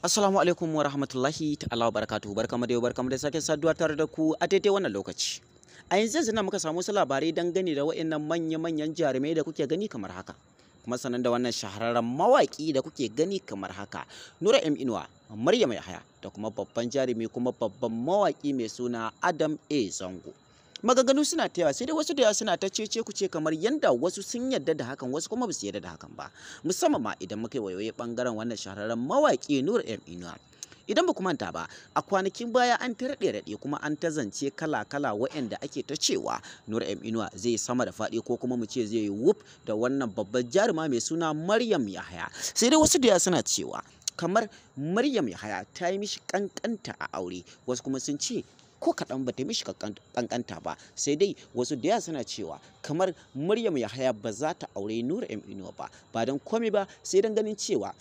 Assalamu alaikum wa rahmatullahi ta'ala wa barakatuhu barkamu da yau barkamu da sake saduwa tare da ku a daidai wannan lokaci. A yanzu yanzu na muka samu wasu labarai dangane da waɗannan manya-manyan jarumai da kuke gani kamar haka. Kuma sanan da wannan shahararren mawaƙi da kuke gani kamar haka. Nura M Inuwa, Maryam Yahaya da kuma babban jarumi kuma babban mawaƙi mai suna Adam A Zango. magaganu suna ta yawa sai dai wasu da yawa suna ta cece ku ce kamar yanda wasu sun yarda da hakan wasu kuma ba su yarda da hakan ba musamman ma idan muka yi wayoyi bangaren wannan shahararren mawaƙi Nur M Inuwa idan ba manta ba a kwanakin baya an ta raɗe raɗe kuma an ta zance kala kala waɗanda ake ta cewa nur m inuwa zai sama da faɗi ko kuma mu ce zai yi wuf da wannan babban jaruma mai suna maryam yahaya sai dai wasu da suna cewa kamar Maryam Yahaya ta yi mishi kankanta a aure wasu kuma sun ce ko kaɗan ba ta mishi kankanta ba sai dai wasu da suna cewa kamar Maryam Yahaya ba za ta aure Nura M Inuwa ba ba don komai ba sai don ganin cewa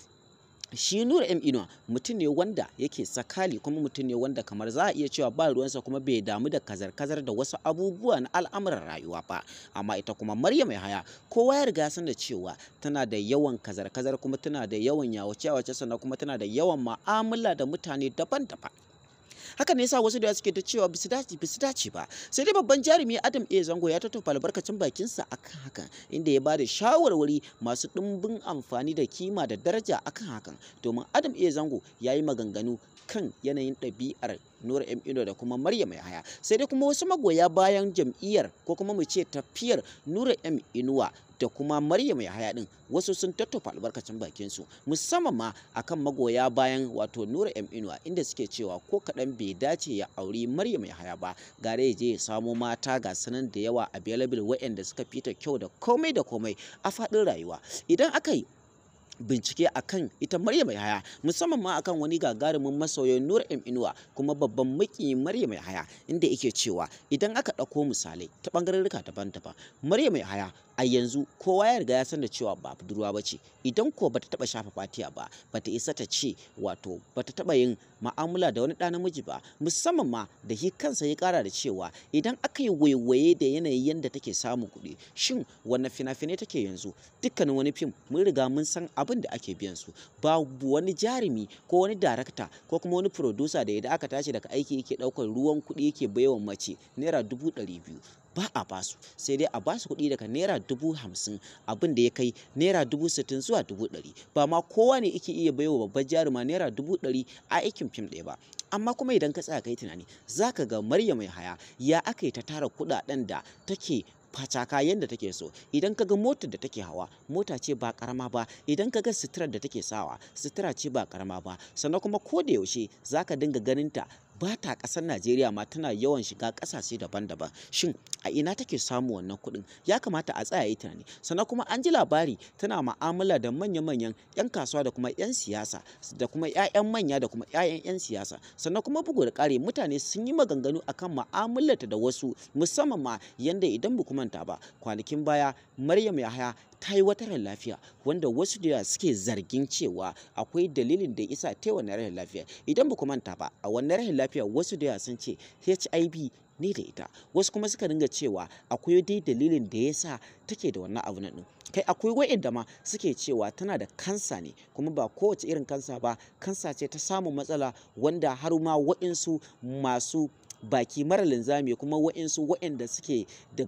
shi nura m inuwa mutum ne wanda yake sakali kuma mutum ne wanda kamar za a iya cewa ba ruwansa kuma bai damu da kazar-kazar da wasu abubuwa na al'amuran rayuwa ba amma ita kuma maryam yahaya kowa ya riga san da cewa tana da yawan kazar-kazar kuma tana da yawan yawace-yawace sannan kuma tana da yawan ma'amala da mutane daban-daban haka ne yasa wasu da suke ta cewa bisu dace bisu dace ba sai dai babban jarumi Adam A Zango ya tattauna albarkacin sa akan hakan inda ya bada shawarwari masu dimbin amfani da kima da daraja akan hakan domin Adam A Zango ya yi maganganu kan yanayin ɗabi'ar Nura M Ino da kuma Maryam haya sai dai kuma wasu magoya bayan jam'iyyar ko kuma mu ce tafiyar Nura M Inuwa da kuma Maryam haya din wasu sun tattafa albarkacin bakin su musamman ma akan magoya bayan wato Nura M Inuwa inda suke cewa ko kadan bai dace ya auri Maryam haya ba gare ya je ya samo mata ga sanan da yawa available waɗanda suka fita kyau da komai da komai a faɗin rayuwa idan aka yi bincike akan ita Maryam haya musamman ma akan wani gagarumin masoyin Nur M Inuwa kuma babban maki Maryam haya inda yake cewa idan aka ɗauko misalai ta ɓangarurruka daban-daban Maryam haya. a yanzu kowa ya riga ya san da cewa ba budurwa ba ce idan ko bata taba shafa fatiya ba bata isa ta ce wato bata taba yin ma'amula da wani ɗa namiji ba musamman ma da shi kansa ya kara da cewa idan aka yi waiwaye da yanayin yadda take samun kuɗi shin wanne fina-finai take yanzu dukkanin wani fim mun riga mun san abin da ake biyan su babu wani jarumi ko wani darakta ko kuma wani producer da idan aka tashi daga aiki yake ɗaukar ruwan kuɗi yake baiwa mace naira dubu ɗari biyu ba a basu sai dai a basu kuɗi daga naira dubu hamsin abin da ya kai naira dubu sittin zuwa dubu ɗari ba ma kowa ne yake iya baiwa babbar jaruma naira dubu ɗari a aikin fim ɗaya ba amma kuma idan ka tsaya kai tunani ka ga Maryam mai haya ya aka yi ta tara kuɗaɗen da take fataka yadda take so idan ka ga motar da take hawa mota ce ba karama ba idan ka ga sitirar da take sawa sitira ce ba karama ba sannan kuma ko da yaushe zaka dinga ganin ta bata ta ƙasar Najeriya ma tana yawan shiga ƙasashe daban-daban shin a ina take samu wannan kuɗin ya kamata a tsaya yi tunani sannan kuma an ji labari tana ma'amala da manya-manyan 'yan kasuwa da kuma 'yan siyasa da kuma 'ya'yan manya da kuma 'ya'yan 'yan siyasa sannan kuma bugu da ƙari mutane sun yi maganganu akan ma'amalarta da wasu musamman ma yanda idan baku manta ba kwanakin baya Maryam Yahaya ta yi wata rashin lafiya wanda wasu da suke zargin cewa akwai dalilin da isa ta wannan rashin lafiya idan ba ku manta ba a wannan rashin lafiya wasu da sun ce HIV ne da ita wasu kuma suka dinga cewa akwai dai dalilin da ya sa take da wannan abu na nan kai akwai wa'inda ma suke cewa tana da kansa ne kuma ba kowace irin kansa ba kansa ce ta samun matsala wanda har ma wa'insu masu baki mara linzami kuma wa'insu wa'inda suke da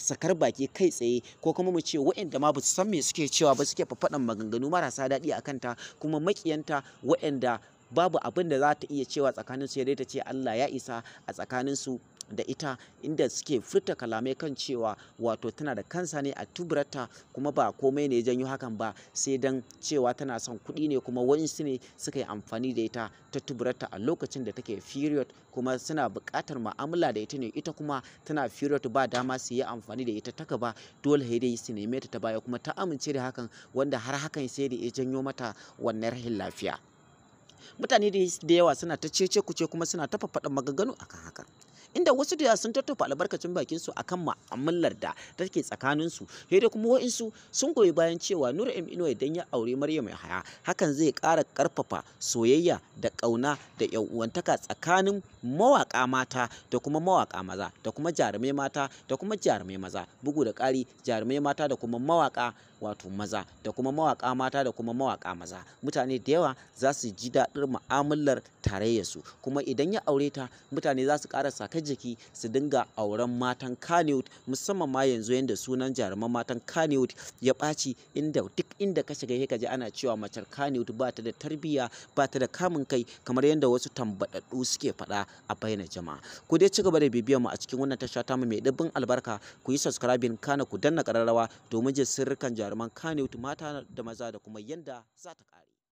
sakar baki kai tsaye ko kuma mu ce waɗanda ma ba su san me suke cewa ba suke faɗan maganganu marasa daɗi a kanta kuma makiyanta waɗanda babu abin da za ta iya cewa tsakaninsu ya dai ta ce Allah ya isa a tsakaninsu da ita inda suke furta kalamai kan cewa wato tana da kansa ne a tuburarta kuma ba komai ne janyo hakan ba sai dan cewa tana son kuɗi ne kuma su ne suka yi amfani da ita ta tuburarta a lokacin da take period kuma suna buƙatar mu'amala da ita ne ita kuma tana period ba dama su yi amfani da ita taka ba dole sai dai su neme ta ta baya kuma ta amince da hakan wanda har hakan sai da ya janyo mata wannan rahin lafiya mutane da yawa suna ta cece kuce kuma suna ta faɗa maganganu akan haka. inda wasu da sun tattafa albarkacin bakin su akan mu'amalar da take tsakanin su sai da kuma wa'insu sun goyi bayan cewa Nur M idan ya aure Maryam Yahaya hakan zai ƙara ƙarfafa soyayya da ƙauna da 'yan uwantaka tsakanin mawaƙa mata da kuma mawaƙa maza da kuma jarumai mata da kuma jarumai maza bugu da ƙari jarumai mata da kuma mawaƙa wato maza da kuma mawaƙa mata da kuma mawaƙa maza mutane da yawa za su ji daɗin mu'amalar su kuma idan ya aure ta mutane za su ƙara saka jiki su dinga auren matan Kannywood musamman ma yanzu yanda sunan jaruman matan Kannywood ya ɓaci inda duk inda ka shiga ka ji ana cewa macen Kannywood ba ta da tarbiyya ba ta da kamun kai kamar yadda wasu tambaɗaɗɗu suke faɗa a bayyana jama'a ku dai ci gaba da bibiyar mu a cikin wannan tasha ta mu mai dubbin albarka ku yi subscribing kana ku danna kararrawa domin jin sirrukan jaruman Kannywood mata da maza da kuma yanda za ta kare